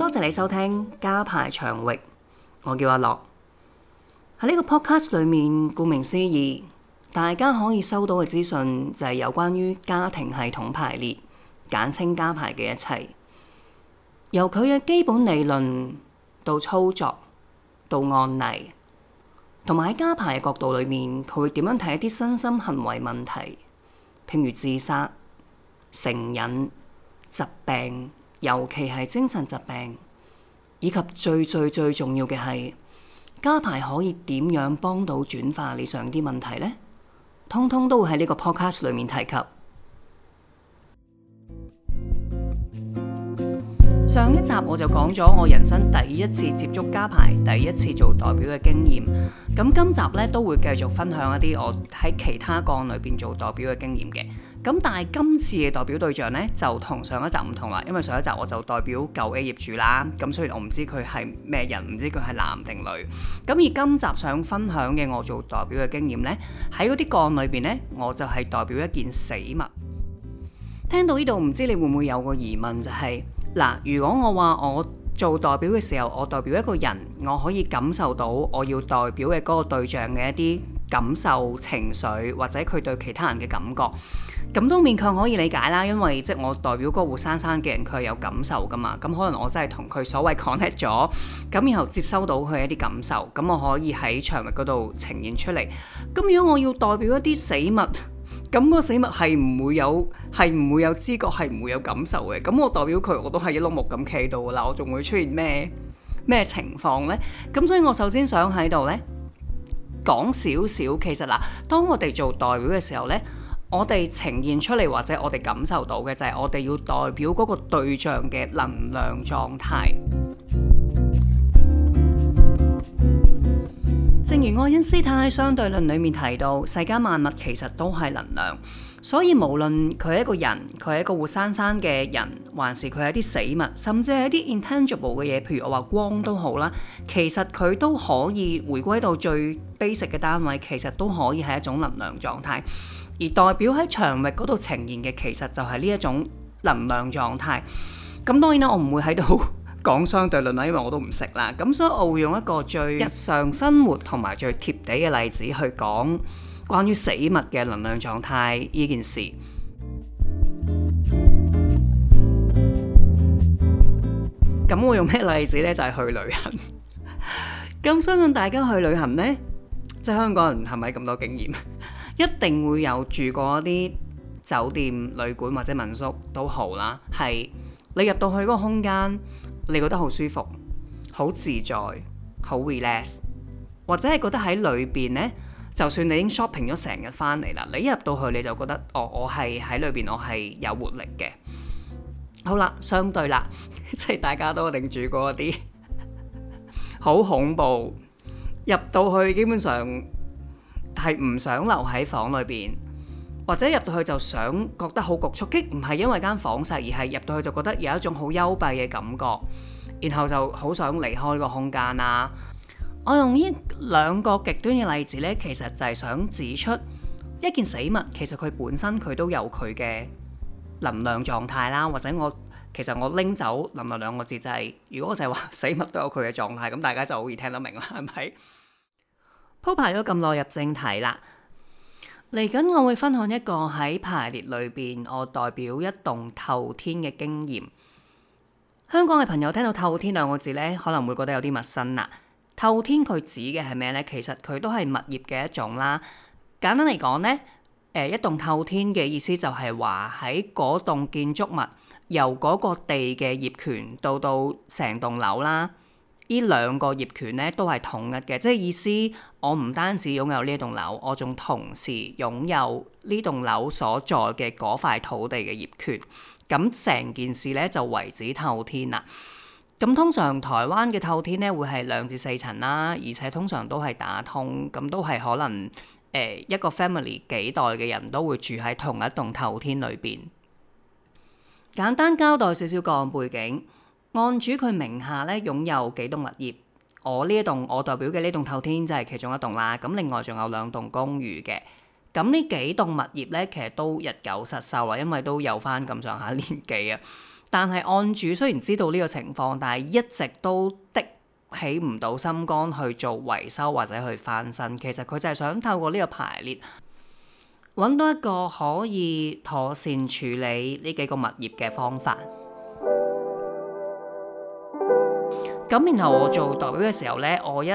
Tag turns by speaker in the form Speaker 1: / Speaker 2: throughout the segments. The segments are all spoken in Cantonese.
Speaker 1: 多謝你收聽家排場域，我叫阿樂。喺呢個 podcast 裏面，顧名思義，大家可以收到嘅資訊就係有關於家庭系統排列，簡稱家排嘅一切，由佢嘅基本理論到操作到案例，同埋喺家排嘅角度裏面，佢會點樣睇一啲身心行為問題，譬如自殺、成癮、疾病。尤其係精神疾病，以及最最最重要嘅係加排可以點樣幫到轉化你上啲問題呢？通通都會喺呢個 podcast 裏面提及。上一集我就講咗我人生第一次接觸加排，第一次做代表嘅經驗。咁今集咧都會繼續分享一啲我喺其他崗裏邊做代表嘅經驗嘅。咁但係今次嘅代表對象呢，就同上一集唔同啦。因為上一集我就代表舊嘅業主啦，咁所以我唔知佢係咩人，唔知佢係男定女。咁而今集想分享嘅我做代表嘅經驗呢，喺嗰啲個案裏邊呢，我就係代表一件死物。聽到呢度，唔知你會唔會有個疑問，就係，就係嗱，如果我話我做代表嘅時候，我代表一個人，我可以感受到我要代表嘅嗰個對象嘅一啲感受、情緒，或者佢對其他人嘅感覺。咁都勉強可以理解啦，因為即係我代表嗰個活生生嘅人，佢係有感受噶嘛。咁可能我真係同佢所謂 connect 咗，咁然後接收到佢一啲感受，咁我可以喺場域嗰度呈現出嚟。咁如果我要代表一啲死物，咁個死物係唔會有係唔會有知覺，係唔會有感受嘅。咁我代表佢，我都係一碌木咁企到啦，我仲會出現咩咩情況呢？咁所以我首先想喺度呢，講少少，其實嗱，當我哋做代表嘅時候呢。我哋呈現出嚟，或者我哋感受到嘅就係我哋要代表嗰個對象嘅能量狀態。 正如愛因斯坦喺相對論裏面提到，世間萬物其實都係能量。所以無論佢係一個人，佢係一個活生生嘅人，還是佢係一啲死物，甚至係一啲 intangible 嘅嘢，譬如我話光都好啦，其實佢都可以回歸到最 basic 嘅單位，其實都可以係一種能量狀態。而代表喺場域嗰度呈現嘅，其實就係呢一種能量狀態。咁當然啦，我唔會喺度講相對論啦，因為我都唔識啦。咁所以，我會用一個最日常生活同埋最貼地嘅例子去講關於死物嘅能量狀態呢件事。咁我用咩例子呢？就係去旅行。咁相信大家去旅行呢，即係香港人係咪咁多經驗？一定會有住過一啲酒店、旅館或者民宿都好啦，係你入到去嗰個空間，你覺得好舒服、好自在、好 relax，或者係覺得喺裏邊呢，就算你已經 shopping 咗成日翻嚟啦，你一入到去你就覺得，哦，我係喺裏邊，我係有活力嘅。好啦，相對啦，即 係大家都一定住過一啲好 恐怖，入到去基本上，係唔想留喺房裏邊，或者入到去就想覺得好局促，激唔係因為間房細，而係入到去就覺得有一種好幽閉嘅感覺，然後就好想離開呢個空間啦。我用呢兩個極端嘅例子呢，其實就係想指出一件死物，其實佢本身佢都有佢嘅能量狀態啦，或者我其實我拎走能量兩個字就係，係，如果我就係話死物都有佢嘅狀態，咁大家就好易聽得明啦，係咪？鋪排咗咁耐，入正題啦。嚟緊我會分享一個喺排列裏邊，我代表一棟透天嘅經驗。香港嘅朋友聽到透天兩個字呢，可能會覺得有啲陌生啦。透天佢指嘅係咩呢？其實佢都係物業嘅一種啦。簡單嚟講呢，誒，一棟透天嘅意思就係話喺嗰棟建築物由嗰個地嘅業權到到成棟樓啦。呢兩個業權咧都係同一嘅，即係意思我唔單止擁有呢一棟樓，我仲同時擁有呢棟樓所在嘅嗰塊土地嘅業權。咁成件事咧就為止透天啦。咁通常台灣嘅透天咧會係兩至四層啦，而且通常都係打通，咁都係可能誒、呃、一個 family 幾代嘅人都會住喺同一棟透天裏邊。簡單交代少少個案背景。案主佢名下咧，擁有幾棟物業，我呢一棟，我代表嘅呢棟透天就係其中一棟啦。咁另外仲有兩棟公寓嘅。咁呢幾棟物業咧，其實都日久失修啦，因為都有翻咁上下年紀啊。但係案主雖然知道呢個情況，但係一直都的起唔到心肝去做維修或者去翻新。其實佢就係想透過呢個排列揾到一個可以妥善處理呢幾個物業嘅方法。咁然後我做代表嘅時候呢，我一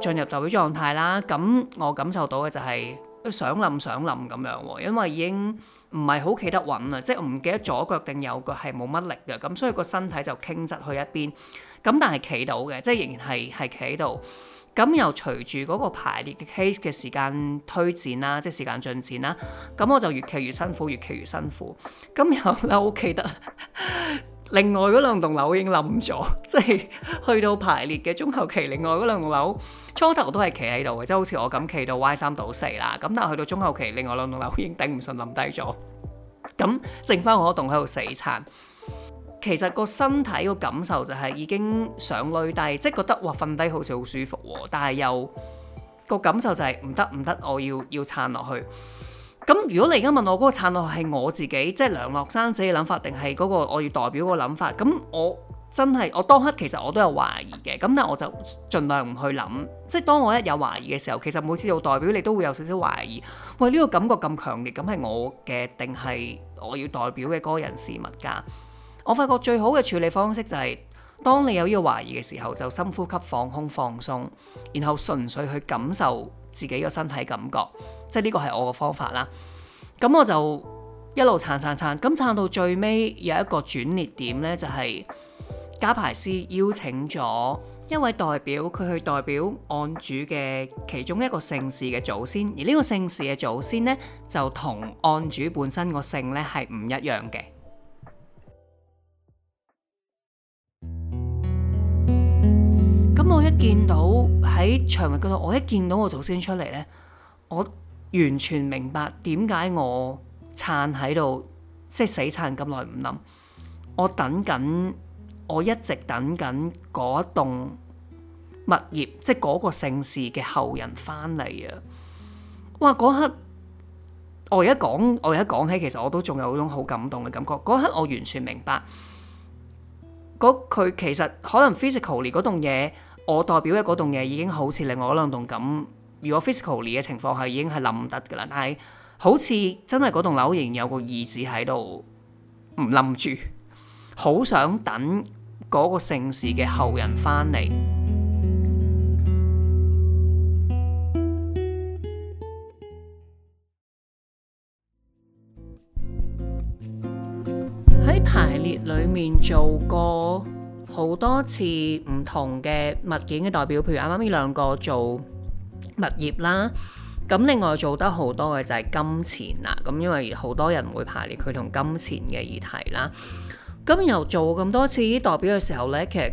Speaker 1: 進入代表狀態啦，咁我感受到嘅就係想冧想冧咁樣喎，因為已經唔係好企得穩啦，即係唔記得左腳定右腳係冇乜力嘅，咁所以個身體就傾側去一邊，咁但係企到嘅，即係仍然係係企喺度。咁又隨住嗰個排列嘅 case 嘅時間推展啦，即係時間進展啦，咁我就越企越辛苦，越企越辛苦，咁然後咧我企得。另外嗰兩棟樓已經冧咗，即係去到排列嘅中後期。另外嗰兩棟樓初頭都係企喺度嘅，即係好似我咁企到 Y 三到四啦。咁但係去到中後期，另外兩棟樓已經頂唔順，冧低咗。咁剩翻我一棟喺度死撐。其實個身體個感受就係已經想累低，即係覺得哇瞓低好似好舒服喎。但係又個感受就係唔得唔得，我要要撐落去。咁如果你而家問我嗰個撐落係我自己，即係梁樂生自己諗法，定係嗰個我要代表嗰個諗法？咁我真係我當刻其實我都有懷疑嘅。咁但係我就盡量唔去諗。即係當我一有懷疑嘅時候，其實每次做代表你都會有少少懷疑。喂，呢個感覺咁強烈，咁係我嘅定係我要代表嘅個人事物㗎？我發覺最好嘅處理方式就係，當你有呢個懷疑嘅時候，就深呼吸放空放鬆，然後純粹去感受自己嘅身體感覺。即係呢個係我嘅方法啦，咁我就一路撐撐撐，撐，咁撐到最尾有一個轉捩點呢，就係、是、家排師邀請咗一位代表，佢去代表案主嘅其中一個姓氏嘅祖先，而呢個姓氏嘅祖先呢，就同案主本身個姓呢係唔一樣嘅。咁我一見到喺場域嗰度，我一見到我祖先出嚟呢。我。完全明白點解我撐喺度，即係死撐咁耐唔諗。我等緊，我一直等緊嗰棟物業，即係嗰個姓氏嘅後人翻嚟啊！哇！嗰刻我而家講，我而家講起，其實我都仲有種好感動嘅感覺。嗰刻我完全明白，佢其實可能 physically 嗰棟嘢，我代表嘅嗰棟嘢已經好似另外嗰兩棟咁。如果 physically 嘅情況係已經係冧得㗎喇，但係好似真係嗰棟樓仍有個意志喺度唔冧住，好想等嗰個姓氏嘅後人翻嚟。喺排列裏面做過好多次唔同嘅物件嘅代表，譬如啱啱呢兩個做，物業啦，咁另外做得好多嘅就係金錢啦，咁因為好多人會排列佢同金錢嘅議題啦。咁、嗯、又做咁多次代表嘅時候呢，其實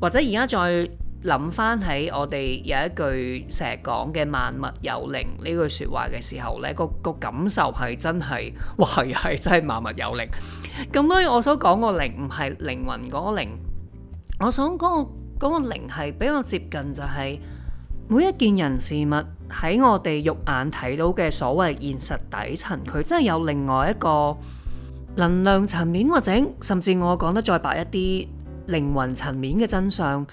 Speaker 1: 或者而家再諗翻喺我哋有一句成日講嘅萬物有靈呢句說話嘅時候呢，個個感受係真係，哇，又係真係萬物有靈。咁所以我所講個靈唔係靈魂嗰個靈，我想嗰、嗰個嗰、嗰個靈係比較接近就係、是。每一件人事物喺我哋肉眼睇到嘅所謂現實底層，佢真係有另外一個能量層面，或者甚至我講得再白一啲，靈魂層面嘅真相。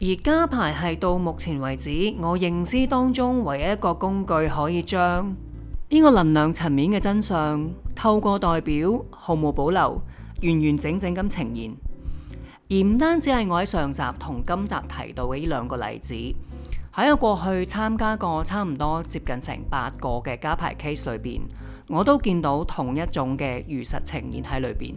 Speaker 1: 而家排係到目前為止我認知當中唯一一個工具，可以將呢個能量層面嘅真相透過代表毫無保留、完完整整咁呈現。而唔單止係我喺上集同今集提到嘅呢兩個例子。喺我過去參加過差唔多接近成八個嘅家排 case 裏邊，我都見到同一種嘅如實呈現喺裏邊。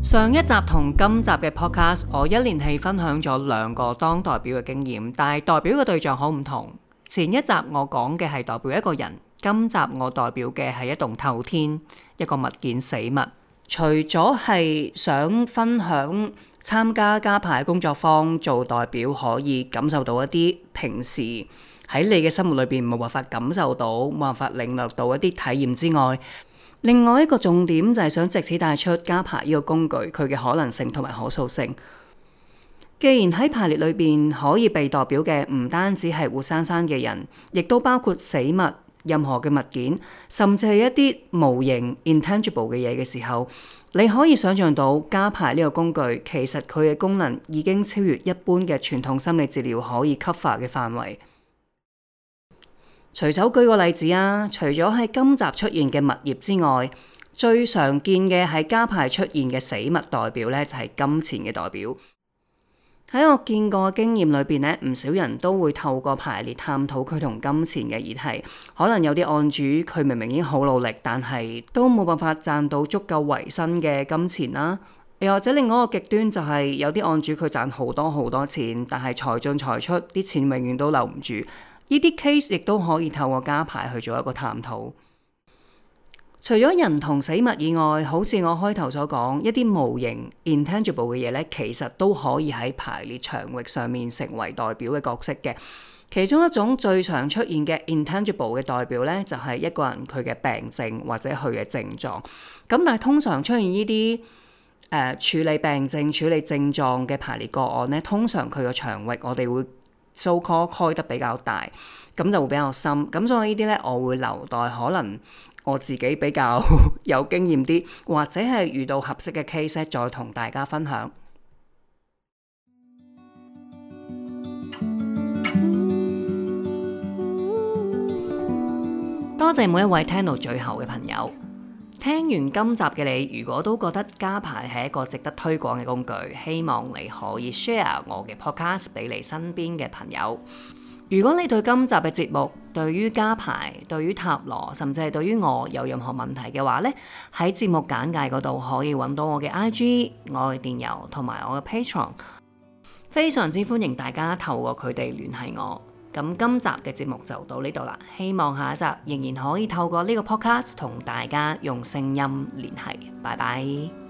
Speaker 1: 上一集同今集嘅 podcast，我一連氣分享咗兩個當代表嘅經驗，但係代表嘅對象好唔同。前一集我講嘅係代表一個人，今集我代表嘅係一棟透天，一個物件死物。除咗係想分享參加家排工作坊做代表可以感受到一啲平時喺你嘅生活裏邊冇辦法感受到、冇辦法領略到一啲體驗之外，另外一個重點就係想藉此帶出家排呢個工具佢嘅可能性同埋可塑性。既然喺排列裏邊可以被代表嘅唔單止係活生生嘅人，亦都包括死物。任何嘅物件，甚至係一啲模型 intangible 嘅嘢嘅時候，你可以想象到加牌呢個工具，其實佢嘅功能已經超越一般嘅傳統心理治療可以吸 o 嘅範圍。隨手舉個例子啊，除咗喺今集出現嘅物業之外，最常見嘅喺加牌出現嘅死物代表咧，就係、是、金錢嘅代表。喺我見過經驗裏邊咧，唔少人都會透過排列探討佢同金錢嘅議題。可能有啲案主佢明明已經好努力，但係都冇辦法賺到足夠維生嘅金錢啦。又或者另外一個極端就係、是、有啲案主佢賺好多好多錢，但係財進財出，啲錢永遠都留唔住。呢啲 case 亦都可以透過加牌去做一個探討。除咗人同死物以外，好似我開頭所講，一啲無形 intangible 嘅嘢咧，其實都可以喺排列場域上面成為代表嘅角色嘅。其中一種最常出現嘅 intangible 嘅代表咧，就係一個人佢嘅病症或者佢嘅症狀。咁但係通常出現呢啲誒處理病症、處理症狀嘅排列個案咧，通常佢個場域我哋會。收 call 開得比較大，咁就會比較深。咁所以呢啲呢，我會留待可能我自己比較有經驗啲，或者係遇到合適嘅 case 再同大家分享。多謝每一位聽到最後嘅朋友。聽完今集嘅你，如果都覺得家排係一個值得推廣嘅工具，希望你可以 share 我嘅 podcast 俾你身邊嘅朋友。如果你對今集嘅節目、對於家排、對於塔羅，甚至係對於我有任何問題嘅話呢，喺節目簡介嗰度可以揾到我嘅 IG 我、我嘅電郵同埋我嘅 Patreon，非常之歡迎大家透過佢哋聯繫我。咁今集嘅節目就到呢度啦，希望下一集仍然可以透過呢個 Podcast 同大家用聲音聯繫。拜拜。